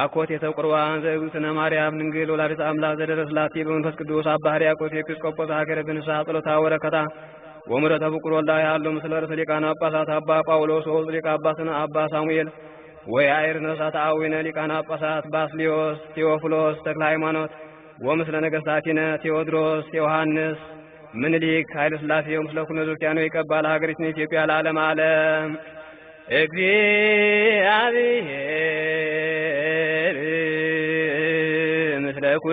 አኮት ቁርባን ዘእግዝእትነ ማርያም ድንግል ወላዲተ አምላክ ዘደረስላቲ በመንፈስ ቅዱስ አባ ሕርያቆስ ኤጲስ ቆጶስ ሀገረ ብንሳ ጸሎታ ወረከታ ወምረ ፍቁር ወልዳ ያሉ ምስለ ርእሰ ሊቃነ ጳጳሳት አባ ጳውሎስ ወውዝ ሊቀ አባስነ አባ ሳሙኤል ወይ አይር ነሳት አዊነ ሊቃነ ጳጳሳት ባስሊዮስ፣ ቴዎፍሎስ ተክለ ሃይማኖት ወምስለ ነገስታቲነ ቴዎድሮስ፣ ዮሐንስ ምንሊክ ኃይለ ሥላሴ ወምስለ ኩነ ይቀባል ሀገሪቱን ኢትዮጵያ ለዓለም ዓለም እግዚአብሔር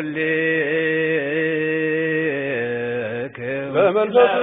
ኩልክ በመንፈስ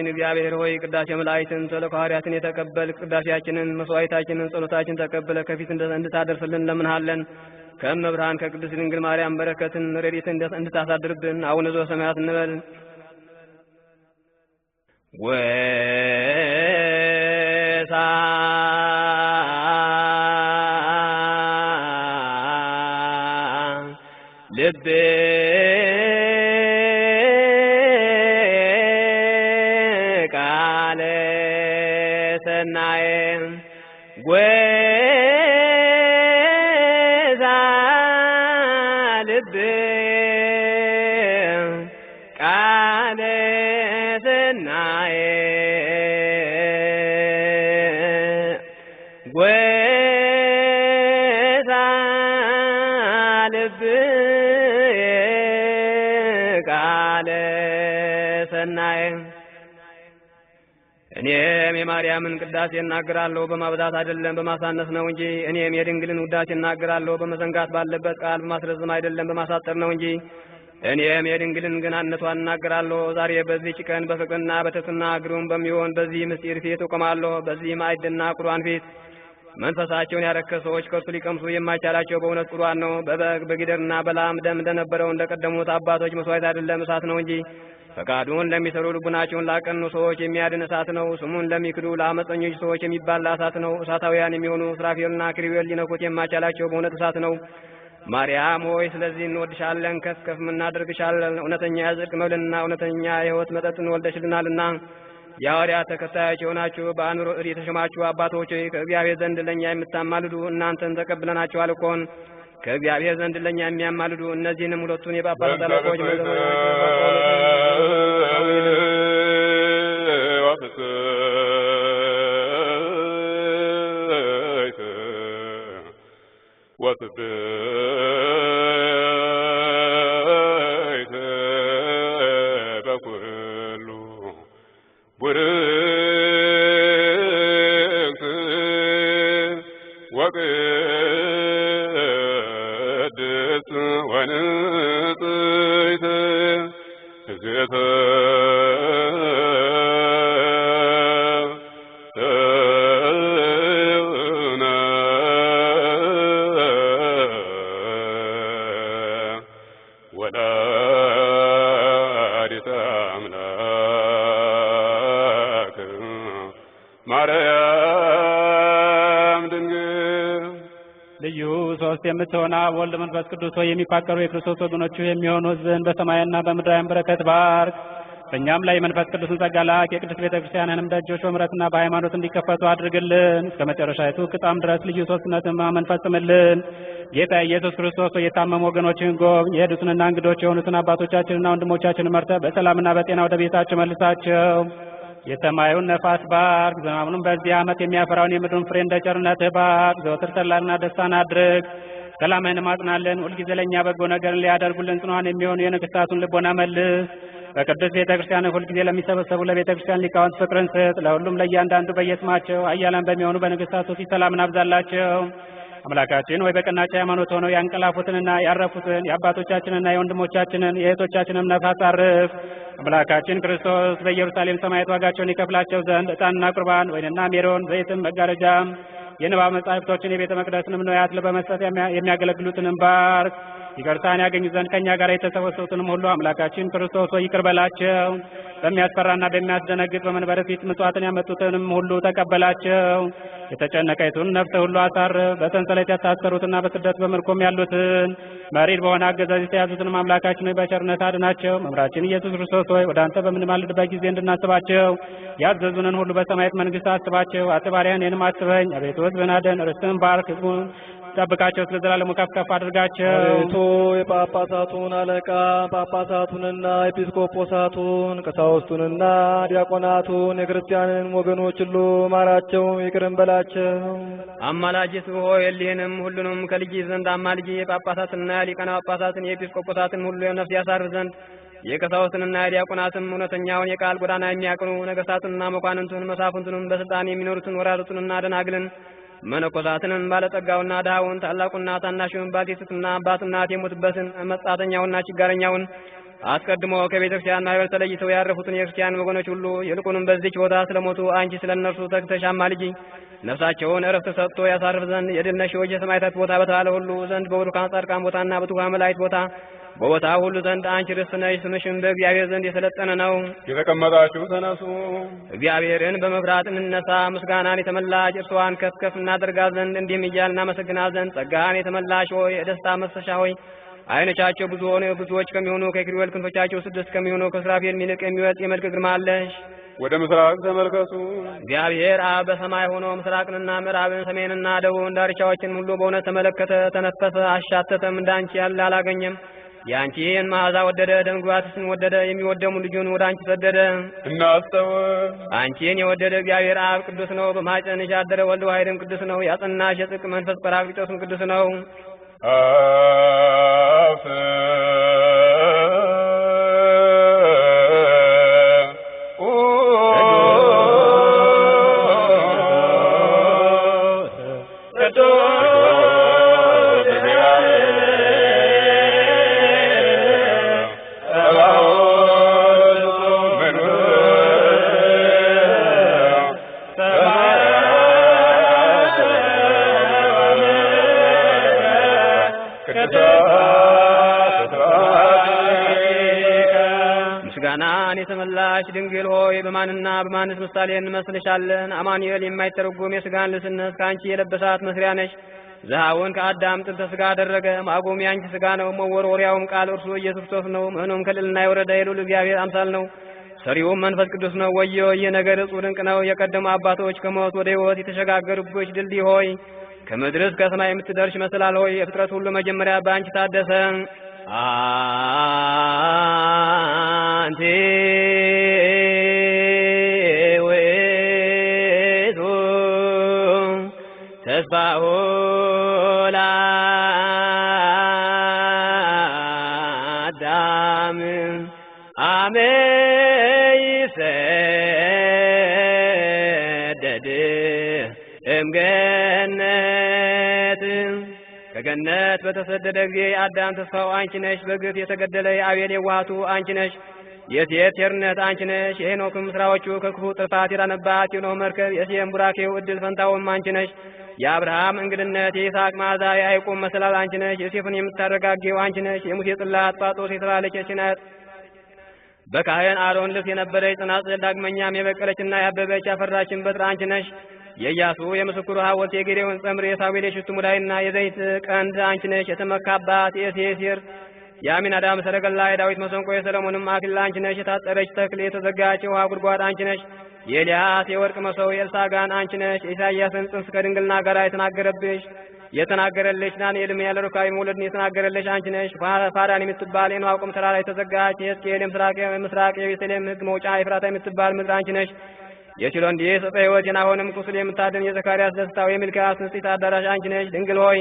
አምላካችን እግዚአብሔር ሆይ ቅዳሴ መላእክትን ተልእኮ ሐዋርያትን የተቀበል ቅዳሴያችንን መስዋዕታችንን ጸሎታችን ተቀበለ ከፊት እንድታደርስልን ለምንሃለን። ከመብርሃን ከቅዱስ ድንግል ማርያም በረከትን ረድኤትን እንድታሳድርብን አቡነ ዘበሰማያት እንበል። ወሳ ሰናየ እኔም የማርያምን ቅዳሴ እናገራለሁ በማብዛት አይደለም በማሳነስ ነው እንጂ። እኔም የድንግልን ውዳሴ እናገራለሁ በመዘንጋት ባለበት ቃል በማስረዘም አይደለም በማሳጠር ነው እንጂ። እኔም የድንግልን ገናነቷን እናገራለሁ። ዛሬ በዚህች ቀን በፍቅርና በትሕትና ግሩም በሚሆን በዚህ ምስጢር ፊት እቆማለሁ። በዚህ አይድና ቁርባን ፊት መንፈሳቸውን ያረከ ሰዎች ከእርሱ ሊቀምሱ የማይቻላቸው በእውነት ቁርባን ነው። በበግ በጊደርና በላም ደም እንደነበረው እንደቀደሙት አባቶች መስዋዕት አይደለም እሳት ነው እንጂ ፈቃዱን ለሚሰሩ ልቡናቸውን ላቀኑ ሰዎች የሚያድን እሳት ነው። ስሙን ለሚክዱ ለአመፀኞች ሰዎች የሚባል እሳት ነው። እሳታውያን የሚሆኑ ስራፌልና ክሪዌል ሊነኩት የማይቻላቸው በእውነት እሳት ነው። ማርያም ሆይ ስለዚህ እንወድሻለን፣ ከፍ ከፍ እናደርግሻለን። እውነተኛ የጽድቅ መብልና እውነተኛ የሕይወት መጠጥን ወልደሽልናልና የሐዋርያት ተከታዮች የሆናችሁ በአኑሮ እድ የተሸማችሁ አባቶች ሆይ ከእግዚአብሔር ዘንድ ለእኛ የምታማልዱ እናንተን ተቀብለናችኋል እኮን ከእግዚአብሔር ዘንድ ለእኛ የሚያማልዱ እነዚህንም ሁለቱን የጳጳስ ጠበቆች ሶስት የምትሆና ወልድ መንፈስ ቅዱስ ሆይ የሚፋቀሩ የክርስቶስ ወገኖቹ የሚሆኑ ሕዝብን በሰማይና በምድራዊ በረከት ባርክ። በእኛም ላይ መንፈስ ቅዱስን ጸጋ ላክ። የቅዱስ ቤተ ክርስቲያንንም ደጆች በምሕረትና በሃይማኖት እንዲከፈቱ አድርግልን። እስከ መጨረሻይቱ ቅጣም ድረስ ልዩ ሦስትነትን ማመን ፈጽምልን። ጌታ ኢየሱስ ክርስቶስ ሆይ የታመሙ ወገኖችን ጎብኝ። የሄዱትንና እንግዶች የሆኑትን አባቶቻችንና ወንድሞቻችን መርተ በሰላምና በጤና ወደ ቤታቸው መልሳቸው። የሰማዩን ነፋስ ባርክ፣ ዝናቡንም በዚህ ዓመት የሚያፈራውን የምድሩን ፍሬ እንደ ቸርነትህ ባርክ። ዘወትር ተድላና ደስታን አድርግ፣ ሰላምህን ማጽናለን። ሁልጊዜ ለእኛ በጎ ነገርን ሊያደርጉልን ጽኑዓን የሚሆኑ የንግሥታቱን ልቦና መልስ። በቅዱስ ቤተ ክርስቲያን ሁልጊዜ ለሚሰበሰቡ ለቤተ ክርስቲያን ሊቃውንት ፍቅርን ስጥ። ለሁሉም ለእያንዳንዱ በየስማቸው አያላን በሚሆኑ በንግሥታቱ ፊት ሰላምን አብዛላቸው። አምላካችን ሆይ በቀናች ሃይማኖት ሆነው ያንቀላፉትንና ያረፉትን የአባቶቻችንና የወንድሞቻችንን የእህቶቻችንን ነፋስ አርፍ። አምላካችን ክርስቶስ በኢየሩሳሌም ሰማያት ዋጋቸውን ይከፍላቸው ዘንድ ዕጣንና ቁርባን፣ ወይንና ሜሮን፣ ዘይትም፣ መጋረጃም የንባብ መጻሕፍቶችን የቤተ መቅደስንም ንዋያት በመስጠት የሚያገለግሉትንም ባርክ። ይቅርታን ያገኙ ዘንድ ከእኛ ጋር የተሰበሰቡትንም ሁሉ አምላካችን ክርስቶስ ሆይ ይቅር በላቸው። በሚያስፈራና በሚያስደነግጥ በመንበረ ፊት ምጽዋትን ያመጡትንም ሁሉ ተቀበላቸው። የተጨነቀይቱን ነፍስ ሁሉ አሳርፍ። በሰንሰለት ያታሰሩትና በስደት በምርኮም ያሉትን መሪር በሆነ አገዛዝ የተያዙትንም አምላካችን ሆይ በቸርነት አድናቸው። መምራችን ኢየሱስ ክርስቶስ ሆይ ወደ አንተ በምንማልድበት ጊዜ እንድናስባቸው ያዘዙንን ሁሉ በሰማያት መንግስት አስባቸው። አጥባሪያን እኔንም አስበኝ አቤቱ። ሕዝብን አድን፣ ርስትህን ባርክ፣ ሕዝቡን ጠብቃቸው እስከ ዘላለሙ ከፍ ከፍ አድርጋቸው። አቤቱ የጳጳሳቱን አለቃ ጳጳሳቱንና ኤጲስቆጶሳቱን ቀሳውስቱንና ዲያቆናቱን የክርስቲያንን ወገኖች ሁሉ ማራቸው፣ ይቅርም በላቸው። አማላጅስ ሆይ እሊህንም ሁሉንም ከልጅ ዘንድ አማልጅ የጳጳሳትንና የሊቀና ጳጳሳትን የኤጲስቆጶሳትን ሁሉ የነፍስ ያሳርፍ ዘንድ የቀሳውስትንና የዲያቆናትም እውነተኛውን የቃል ጎዳና የሚያቅኑ ነገሥታቱንና መኳንንቱን መሳፍንቱንም በስልጣን የሚኖሩትን ወራዶቱንና ደናግልን መነኮሳትንም ባለጠጋውና ድሃውን ታላቁና ታናሹን ባቲስትና አባትና እናት የሞቱበትን መጻተኛውና ችጋረኛውን አስቀድሞ ከቤተክርስቲያን ማህበር ተለይተው ያረፉትን የክርስቲያን ወገኖች ሁሉ ይልቁንም በዚች ቦታ ስለሞቱ አንቺ ስለ እነርሱ ተግተሽ አማልጂ። ነፍሳቸውን እረፍት ሰጥቶ ያሳርፍ ዘንድ የድል ነሺዎች የሰማዕታት ቦታ በተባለ ሁሉ ዘንድ በቡሩካን ጻድቃን ቦታና በትጉሃን መላእክት ቦታ በቦታ ሁሉ ዘንድ አንቺ ርስት ነሽ። ስምሽም በእግዚአብሔር ዘንድ የሰለጠነ ነው። የተቀመጣችሁ ተነሱ፣ እግዚአብሔርን በመፍራት እንነሳ። ምስጋናን የተመላሽ እርስዋን ከፍ ከፍ እናደርጋ ዘንድ እንዲህም እያል እናመሰግና ዘንድ ጸጋን የተመላሽ ሆይ የደስታ መሰሻ ሆይ አይኖቻቸው ብዙ ሆነ ብዙዎች ከሚሆኑ ከኪሩቤል ክንፎቻቸው ስድስት ከሚሆኑ ከሱራፌል ሚልቅ የሚወጥ የመልክ ግርማ አለሽ። ወደ ምስራቅ ተመልከቱ። እግዚአብሔር አብ በሰማይ ሆኖ ምስራቅንና ምዕራብን ሰሜንና ደቡብን ዳርቻዎችን ሁሉ በእውነት ተመለከተ፣ ተነፈሰ፣ አሻተተም። እንዳንቺ ያለ አላገኘም። የአንቺን መዓዛ ወደደ፣ ደምግባትሽን ወደደ፣ የሚወደሙ ልጁን ወደ አንቺ ሰደደ። እናስተው አንቺን የወደደ እግዚአብሔር አብ ቅዱስ ነው። በማኅፀንሽ ያደረ ወልድ ዋሕድም ቅዱስ ነው። ያጽናሽ የጽድቅ መንፈስ ጰራቅሊጦስም ቅዱስ ነው። Ave በማንና በማንስ ምሳሌ እንመስልሻለን? አማኑኤል የማይተረጎም የስጋን ልብስነት ከአንቺ የለበሳት መስሪያ ነች። ዘሃውን ከአዳም ጥንተ ስጋ አደረገ። ማጎም የአንቺ ስጋ ነው። መወርወሪያውም ቃል እርሱ ኢየሱስ ክርስቶስ ነው። ምዕኑም ከልልና የወረደ የልዑል እግዚአብሔር አምሳል ነው። ሰሪውም መንፈስ ቅዱስ ነው። ወዮ ይህ ነገር እጹ ድንቅ ነው። የቀደሙ አባቶች ከሞት ወደ ሕይወት የተሸጋገሩብሽ ድልድይ ሆይ ከምድር እስከ ሰማይ የምትደርሽ መሰላል ሆይ የፍጥረት ሁሉ መጀመሪያ በአንቺ ታደሰ አንቲ አመይ እምገነት ከገነት በተሰደደ ጊዜ አዳም ተስፋው አንቺ ነሽ። በግፍ የተገደለ የአቤል የዋሃቱ አንቺ ነሽ። የሴት ቸርነት አንቺ ነሽ። የሄኖክም ስራዎቹ ከክፉ ጥፋት የዳነባት የኖህ መርከብ፣ የሴም ቡራኬው እድል ፈንታውም አንቺ ነሽ። የአብርሃም እንግድነት፣ የይስሐቅ መዓዛ፣ የአይቁም መሰላል አንቺ ነሽ። ዮሴፍን የምታረጋጌው አንቺ ነሽ። የሙሴ ጽላት ጳጦስ የተባለች በካህን አሮን ልብስ የነበረ ጽናጽል ዳግመኛም የበቀለችና ያበበች ያፈራችን በጥር አንቺ ነሽ። የኢያሱ የምስክሩ ሐውልት የጌዴዎን ጸምር የሳዊል የሽቱ ሙዳይና የዘይት ቀንድ አንቺ ነሽ። የተመካባት የሴሲር የአሚናዳብ ሰረገላ የዳዊት መሰንቆ የሰለሞንም አክሊል አንቺ ነሽ። የታጠረች ተክል የተዘጋች የውሃ ጉድጓድ አንቺ ነሽ። የኤልያስ የወርቅ መሰው የእልሳጋን አንቺ ነሽ። የኢሳይያስን ጽንስ ከድንግልና ጋር የተናገረብሽ የተናገረለች ናን የልምያ ለሩካቤ መውለድን የተናገረለች አንቺ ነሽ። ፋራን የምትባል የኖህ ቁም ተራራ ላይ ተዘጋች። የሕዝቅኤልም ምስራቅ የቤተልሔም ሕግ መውጫ ኤፍራታ የምትባል ምድር አንቺ ነሽ። የችሎን ዲየ ሰጠ ሕይወት የናሆንም ቁስል የምታድን የዘካርያስ ደስታው የሚልክያስ ንጽሕት አዳራሽ አንቺ ነሽ። ድንግል ሆይ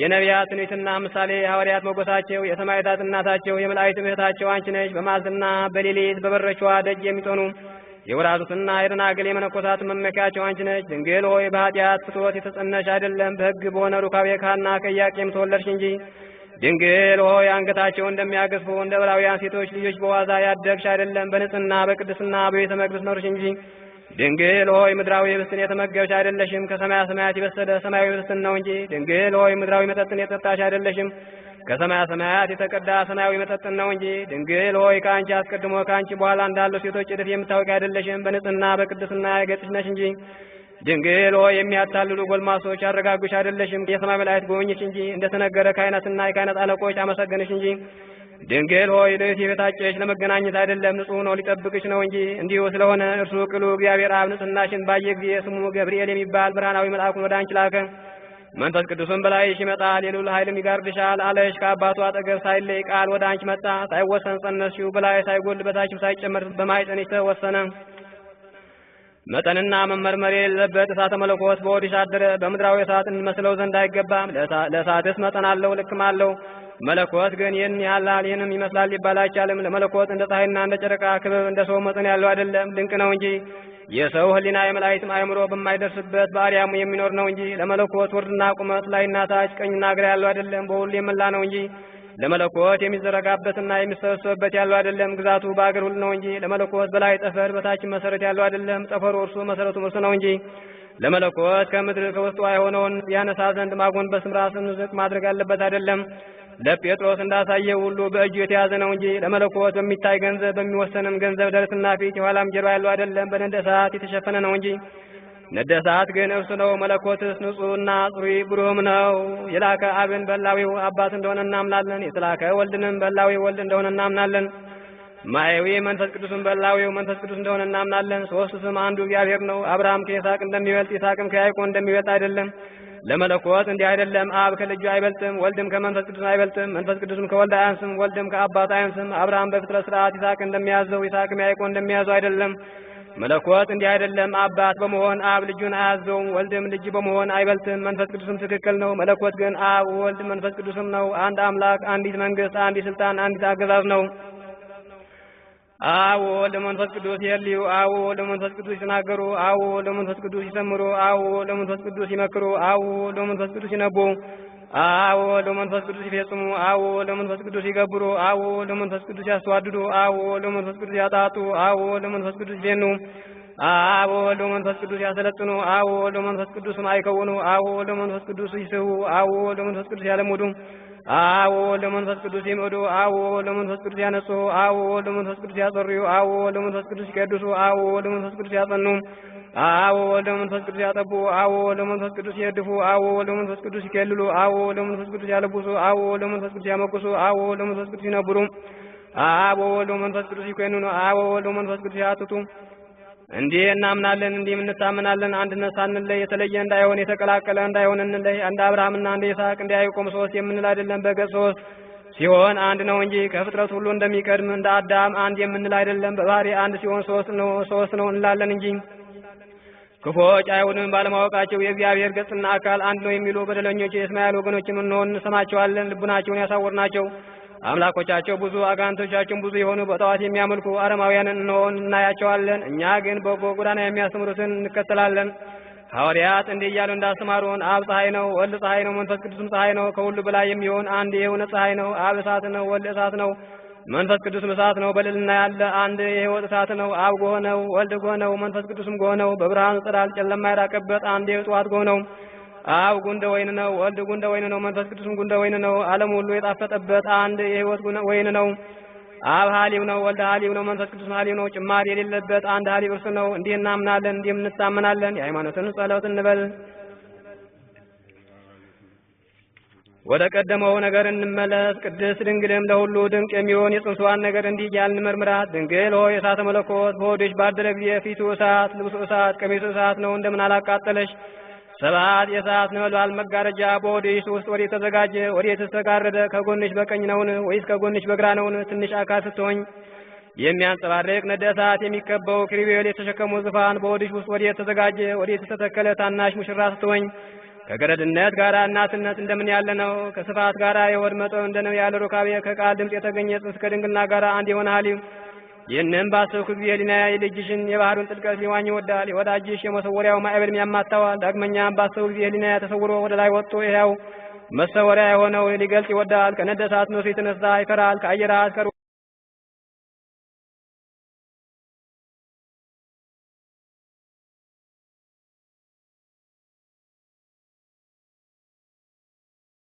የነቢያት ትንቢትና ምሳሌ የሐዋርያት መጎሳቸው የሰማዕታት እናታቸው የመላእክት እህታቸው አንቺ ነሽ። በመዓልትና በሌሊት በበረችዋ ደጅ የሚጠኑ የወራቱትና የደናግል የመነኮሳት መመኪያቸው አንቺ ነች። ድንግል ሆይ በኃጢአት ፍትወት የተጸነሽ አይደለም በሕግ በሆነ ሩካቤ ካና ከኢያቄም ተወለድሽ እንጂ። ድንግል ሆይ አንገታቸው እንደሚያገዝፉ እንደ ዕብራውያን ሴቶች ልጆች በዋዛ ያደግሽ አይደለም በንጽህና በቅድስና በቤተ መቅደስ ኖርሽ እንጂ። ድንግል ሆይ ምድራዊ ህብስትን የተመገብሽ አይደለሽም ከሰማያ ሰማያት የበሰለ ሰማያዊ ህብስትን ነው እንጂ። ድንግል ሆይ ምድራዊ መጠጥን የጠጣሽ አይደለሽም ከሰማያ ሰማያት የተቀዳ ሰማያዊ መጠጥ ነው እንጂ ድንግል ሆይ ከአንቺ አስቀድሞ ከአንቺ በኋላ እንዳሉ ሴቶች እድፍ የምታወቅ አይደለሽም። በንጽህና በቅድስና የገጽሽ ነሽ እንጂ ድንግል ሆይ የሚያታልሉ ጎልማሶች አረጋጉሽ አይደለሽም። የሰማይ መላእክት ጎበኘሽ እንጂ እንደተነገረ ከአይነትና የካህናት አለቆች አመሰገንሽ እንጂ ድንግል ሆይ ልዕልት የበታጨሽ ለመገናኘት አይደለም፣ ንጹሕ ነው ሊጠብቅሽ ነው እንጂ። እንዲሁ ስለሆነ እርሱ ቅሉ እግዚአብሔር አብ ንጽህናሽን ባየ ጊዜ ስሙ ገብርኤል የሚባል ብርሃናዊ መልአኩን ወደ አንቺ ላከ። መንፈስ ቅዱስም በላይሽ ይመጣል፣ የልዑል ኃይልም ይጋርድሻል አለሽ። ከአባቱ አጠገብ ሳይለይ ቃል ወደ አንቺ መጣ። ሳይወሰን ጸነስሽው፣ በላይ ሳይጎል በታችም ሳይጨመር በማኅፀንሽ ተወሰነ። መጠንና መመርመር የሌለበት እሳተ መለኮት በሆድሽ አደረ። በምድራዊ እሳት እንመስለው ዘንድ አይገባም። ለእሳትስ መጠን አለው፣ ልክም አለው። መለኮት ግን ይህን ያላል ይህንም ይመስላል ሊባል አይቻልም። ለመለኮት እንደ ፀሐይና እንደ ጨረቃ ክበብ እንደ ሰው መጠን ያለው አይደለም፣ ድንቅ ነው እንጂ የሰው ህሊና የመላእክትም አእምሮ በማይደርስበት በአርያሙ የሚኖር ነው እንጂ ለመለኮት ወርድና ቁመት ላይና ታች ቀኝና ግራ ያለው አይደለም፣ በሁሉ የመላ ነው እንጂ ለመለኮት የሚዘረጋበትና የሚሰበሰብበት ያለው አይደለም። ግዛቱ በአገር ሁሉ ነው እንጂ ለመለኮት በላይ ጠፈር በታች መሰረት ያለው አይደለም። ጠፈሩ እርሱ መሰረቱም እርሱ ነው እንጂ ለመለኮት ከምድር ከውስጧ የሆነውን ያነሳ ዘንድ ማጎንበስም ራስን ዝቅ ማድረግ አለበት አይደለም። ለጴጥሮስ እንዳሳየው ሁሉ በእጁ የተያዘ ነው እንጂ ለመለኮት በሚታይ ገንዘብ በሚወሰንም ገንዘብ ደረትና ፊት የኋላም ጀርባ ያለው አይደለም። በነደ ሰዓት የተሸፈነ ነው እንጂ ነደ ሰዓት ግን እርሱ ነው። መለኮትስ ንጹሕና ጽሩ ብሩህም ነው። የላከ አብን በላዊው አባት እንደሆነ እናምናለን። የተላከ ወልድንም በላዊው ወልድ እንደሆነ እናምናለን። ማየዊ መንፈስ ቅዱስን በላዊው መንፈስ ቅዱስ እንደሆነ እናምናለን። ሶስቱ ስም አንዱ እግዚአብሔር ነው። አብርሃም ከይስሐቅ እንደሚበልጥ ይስሐቅም ከያዕቆብ እንደሚበልጥ አይደለም። ለመለኮት እንዲህ አይደለም። አብ ከልጁ አይበልጥም፣ ወልድም ከመንፈስ ቅዱስ አይበልጥም፣ መንፈስ ቅዱስም ከወልድ አያንስም፣ ወልድም ከአባት አያንስም። አብርሃም በፍጥረት ስርዓት ይስሐቅ እንደሚያዘው፣ ይስሐቅም ያዕቆብ እንደሚያዘው አይደለም። መለኮት እንዲህ አይደለም። አባት በመሆን አብ ልጁን አያዘውም፣ ወልድም ልጅ በመሆን አይበልጥም፣ መንፈስ ቅዱስም ትክክል ነው። መለኮት ግን አብ፣ ወልድ፣ መንፈስ ቅዱስም ነው። አንድ አምላክ፣ አንዲት መንግስት፣ አንዲት ስልጣን፣ አንዲት አገዛዝ ነው። አዎ ለመንፈስ ቅዱስ የልዩ አዎ ለመንፈስ ቅዱስ ይናገሩ አዎ ለመንፈስ ቅዱስ ይሰምሩ አዎ ለመንፈስ ቅዱስ ይመክሩ አዎ ለመንፈስ ቅዱስ ይነቡ አዎ ለመንፈስ ቅዱስ ይፈጽሙ አዎ ለመንፈስ ቅዱስ ይገብሩ አዎ ለመንፈስ ቅዱስ ያስተዋድዱ አዎ ለመንፈስ ቅዱስ ያጣጡ አዎ ለመንፈስ ቅዱስ ይደኑ አዎ ለመንፈስ ቅዱስ ያሰለጥኑ አዎ ለመንፈስ ቅዱስ አይከውኑ አዎ ለመንፈስ ቅዱስ ይስቡ አዎ ለመንፈስ ቅዱስ ያለሙዱ አዎ ለመንፈስ ቅዱስ ይምዱ አዎ ለመንፈስ ቅዱስ ያነጹ አዎ ለመንፈስ ቅዱስ ያጸርዩ አዎ ለመንፈስ ቅዱስ ይቀድሱ አዎ ለመንፈስ ቅዱስ ያጸኑ አዎ ለመንፈስ ቅዱስ ያጠቡ አዎ ለመንፈስ ቅዱስ ይደፉ አዎ ለመንፈስ ቅዱስ ይከልሉ አዎ ለመንፈስ ቅዱስ ያለብሱ አዎ ለመንፈስ ቅዱስ ያመቁሱ አዎ ለመንፈስ ቅዱስ ይነብሩ አዎ ለመንፈስ ቅዱስ ይኮንኑ አዎ ለመንፈስ ቅዱስ ያትቱ እንዲህ እናምናለን እንዲህ እንታምናለን አንድነት ሳንለይ የተለየ እንዳይሆን የተቀላቀለ እንዳይሆን እንለይ እንደ አብርሃምና እንደ ይስሐቅ እንደ ያዕቆብ ሶስት የምንል አይደለም በገጽ ሶስት ሲሆን አንድ ነው እንጂ ከፍጥረት ሁሉ እንደሚቀድም እንደ አዳም አንድ የምንል አይደለም። በባህሪ አንድ ሲሆን ሶስት ነው ሶስት ነው እንላለን እንጂ ክፎች አይሁድን ባለማወቃቸው የእግዚአብሔር ገጽና አካል አንድ ነው የሚሉ በደለኞች የእስማኤል ወገኖችን እንሆን እንሰማቸዋለን። ልቡናቸውን ያሳወርናቸው አምላኮቻቸው ብዙ አጋንቶቻችን ብዙ የሆኑ በጠዋት የሚያመልኩ አረማውያንን እንሆን እናያቸዋለን። እኛ ግን በጎ ጎዳና የሚያስተምሩትን እንከተላለን። ሐዋርያት እንዲህ እያሉ እንዳስተማሩን አብ ፀሐይ ነው፣ ወልድ ፀሐይ ነው፣ መንፈስ ቅዱስም ፀሐይ ነው። ከሁሉ በላይ የሚሆን አንድ የሆነ ፀሐይ ነው። አብ እሳት ነው፣ ወልድ እሳት ነው፣ መንፈስ ቅዱስም እሳት ነው። በልልና ያለ አንድ የህይወት እሳት ነው። አብ ጎህ ነው፣ ወልድ ጎህ ነው፣ መንፈስ ቅዱስም ጎህ ነው። በብርሃኑ ጽዳል ጨለማ የራቀበት አንድ የጠዋት ጎህ ነው። አብ ጉንደ ወይን ነው። ወልድ ጉንደ ወይን ነው። መንፈስ ቅዱስም ጉንደ ወይን ነው። ዓለም ሁሉ የጣፈጠበት አንድ የህይወት ወይን ነው። አብ ሀሊብ ነው። ወልድ ሀሊብ ነው። መንፈስ ቅዱስም ሀሊብ ነው። ጭማሪ የሌለበት አንድ ሀሊብ እርሱ ነው። እንዲህ እናምናለን፣ እንዲህም እንታመናለን። የሃይማኖትን ጸሎት እንበል። ወደ ቀደመው ነገር እንመለስ። ቅድስት ድንግልም ለሁሉ ድንቅ የሚሆን የጽንሷን ነገር እንዲህ እያልን መርምራት። ድንግል ሆይ እሳተ መለኮት በሆድሽ ባደረ ጊዜ ፊቱ እሳት፣ ልብሱ እሳት፣ ቀሚሱ እሳት ነው። እንደምን አላቃጠለሽ? ሰባት የሰዓት ነበልባል መጋረጃ በሆድሽ ውስጥ ወዴት ተዘጋጀ? ወዴት ተጋረደ? ከጎንሽ በቀኝ ነውን? ወይስ ከጎንሽ በግራ ነውን? ትንሽ አካል ስትሆኝ የሚያንጸባርቅ ነደ እሳት የሚከበው ክሪቤል የተሸከሙ ዙፋን በሆድሽ ውስጥ ወዴት ተዘጋጀ? ወዴት ተተከለ? ታናሽ ሙሽራ ስትሆኝ ከገረድነት ጋር እናትነት እንደምን ያለ ነው። ከስፋት ጋር የሆድ መጠን እንደነው ያለ ሩካቤ ከቃል ድምፅ የተገኘ ጽንስ ከድንግልና ጋር አንድ የሆነ ሀሊም ይህንም ባሰብኩ ጊዜ የልጅሽን የባህሩን ጥልቀት ሊዋኝ ይወዳል። የወዳጅሽ የመሰወሪያው ማዕበል ያማታዋል። ዳግመኛም ባሰብኩ ጊዜ ሊናያ ተሰውሮ ወደ ላይ ወጥቶ ይኸው መሰወሪያ የሆነው ሊገልጽ ይወዳል። ከነደሳት ነሱ የተነሳ ይፈራል። ከአየራት